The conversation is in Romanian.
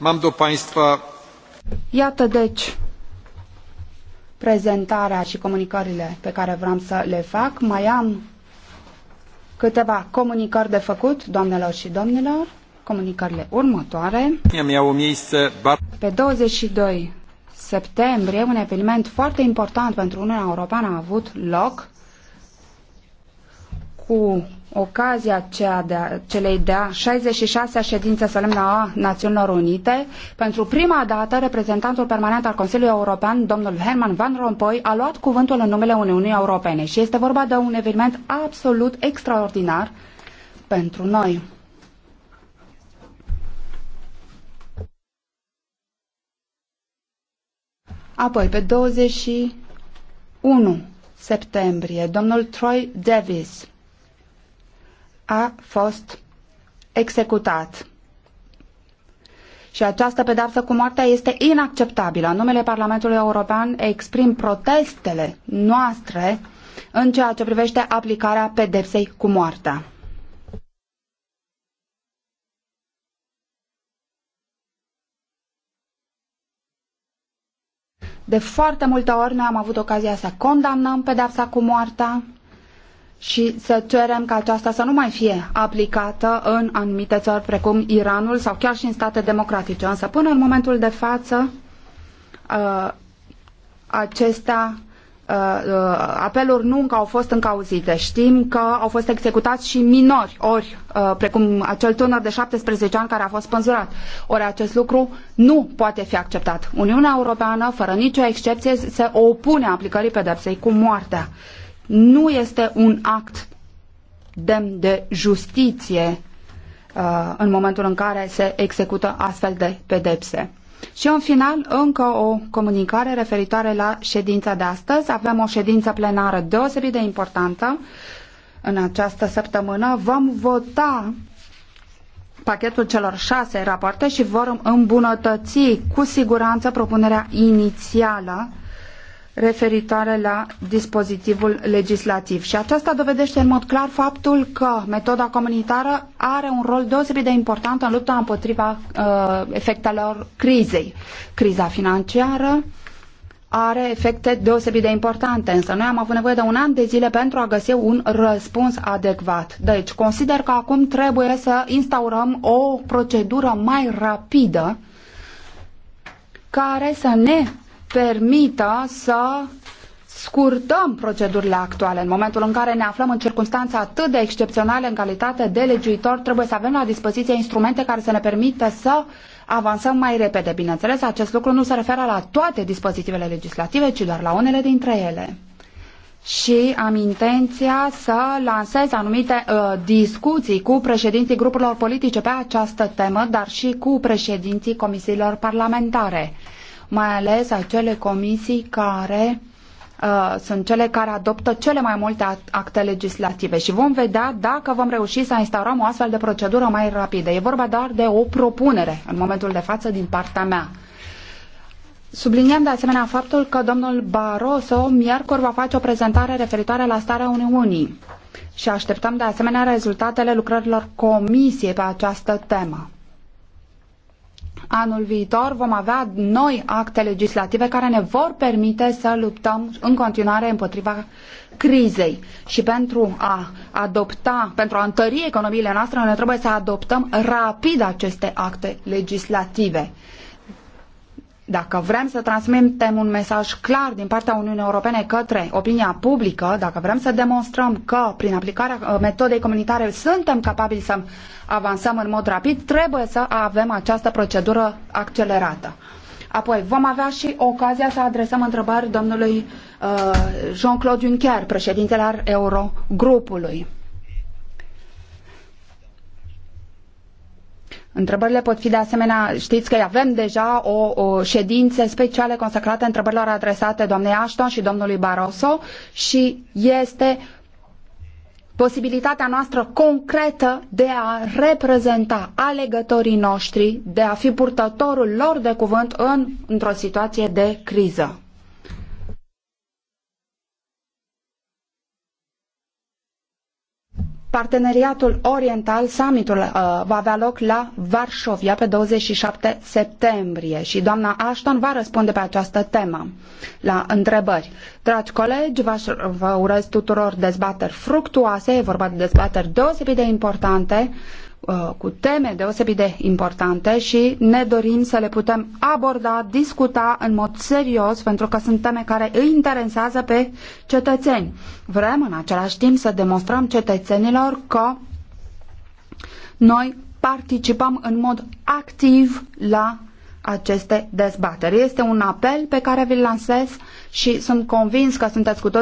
Mam do Państwa... Iată deci prezentarea și comunicările pe care vreau să le fac. Mai am câteva comunicări de făcut, doamnelor și domnilor. Comunicările următoare. Uh, pe 22 septembrie, un eveniment foarte important pentru Uniunea Europeană a avut loc cu ocazia cea de a, celei de-a 66-a ședință solemnă a Națiunilor Unite, pentru prima dată reprezentantul permanent al Consiliului European, domnul Herman Van Rompuy, a luat cuvântul în numele Uniunii Europene și este vorba de un eveniment absolut extraordinar pentru noi. Apoi, pe 21 septembrie, domnul Troy Davis, a fost executat. Și această pedapsă cu moartea este inacceptabilă. În numele Parlamentului European exprim protestele noastre în ceea ce privește aplicarea pedepsei cu moartea. De foarte multe ori noi am avut ocazia să condamnăm pedepsa cu moartea, și să cerem ca aceasta să nu mai fie aplicată în anumite țări precum Iranul sau chiar și în state democratice. Însă până în momentul de față uh, acestea uh, uh, apeluri nu încă au fost încauzite. Știm că au fost executați și minori, ori precum acel tânăr de 17 ani care a fost spânzurat. Ori acest lucru nu poate fi acceptat. Uniunea Europeană, fără nicio excepție, se opune aplicării pedepsei cu moartea. Uh, nu este un act demn de justiție uh, în momentul în care se execută astfel de pedepse. Și în final, încă o comunicare referitoare la ședința de astăzi. Avem o ședință plenară deosebit de importantă în această săptămână. Vom vota pachetul celor șase rapoarte și vor îmbunătăți cu siguranță propunerea inițială referitoare la dispozitivul legislativ. Și aceasta dovedește în mod clar faptul că metoda comunitară are un rol deosebit de important în lupta împotriva uh, efectelor crizei. Criza financiară are efecte deosebit de importante, însă noi am avut nevoie de un an de zile pentru a găsi un răspuns adecvat. Deci, consider că acum trebuie să instaurăm o procedură mai rapidă care să ne permită să scurtăm procedurile actuale. În momentul în care ne aflăm în circunstanțe atât de excepționale în calitate de legiuitor, trebuie să avem la dispoziție instrumente care să ne permită să avansăm mai repede. Bineînțeles, acest lucru nu se referă la toate dispozitivele legislative, ci doar la unele dintre ele. Și am intenția să lansez anumite uh, discuții cu președinții grupurilor politice pe această temă, dar și cu președinții comisiilor parlamentare mai ales acele comisii care uh, sunt cele care adoptă cele mai multe acte legislative și vom vedea dacă vom reuși să instaurăm o astfel de procedură mai rapidă. E vorba doar de o propunere în momentul de față din partea mea. Subliniem de asemenea faptul că domnul Barroso miercuri va face o prezentare referitoare la starea Uniunii și așteptăm de asemenea rezultatele lucrărilor comisiei pe această temă anul viitor vom avea noi acte legislative care ne vor permite să luptăm în continuare împotriva crizei și pentru a adopta, pentru a întări economiile noastre, noi trebuie să adoptăm rapid aceste acte legislative. Dacă vrem să transmitem un mesaj clar din partea Uniunii Europene către opinia publică, dacă vrem să demonstrăm că prin aplicarea uh, metodei comunitare suntem capabili să avansăm în mod rapid, trebuie să avem această procedură accelerată. Apoi vom avea și ocazia să adresăm întrebări domnului uh, Jean-Claude Juncker, președintele al Eurogrupului. Întrebările pot fi de asemenea, știți că avem deja o, o ședință specială consacrată întrebărilor adresate doamnei Ashton și domnului Barroso și este posibilitatea noastră concretă de a reprezenta alegătorii noștri, de a fi purtătorul lor de cuvânt în, într-o situație de criză. Parteneriatul Oriental, summitul uh, va avea loc la Varșovia pe 27 septembrie și doamna Ashton va răspunde pe această temă la întrebări. Dragi colegi, vă urez tuturor dezbateri fructuoase, e vorba de dezbateri deosebit de importante. Uh, cu teme deosebit de importante și ne dorim să le putem aborda, discuta în mod serios, pentru că sunt teme care îi interesează pe cetățeni. Vrem în același timp să demonstrăm cetățenilor că noi participăm în mod activ la aceste dezbateri. Este un apel pe care vi-l lansez și sunt convins că sunteți cu toți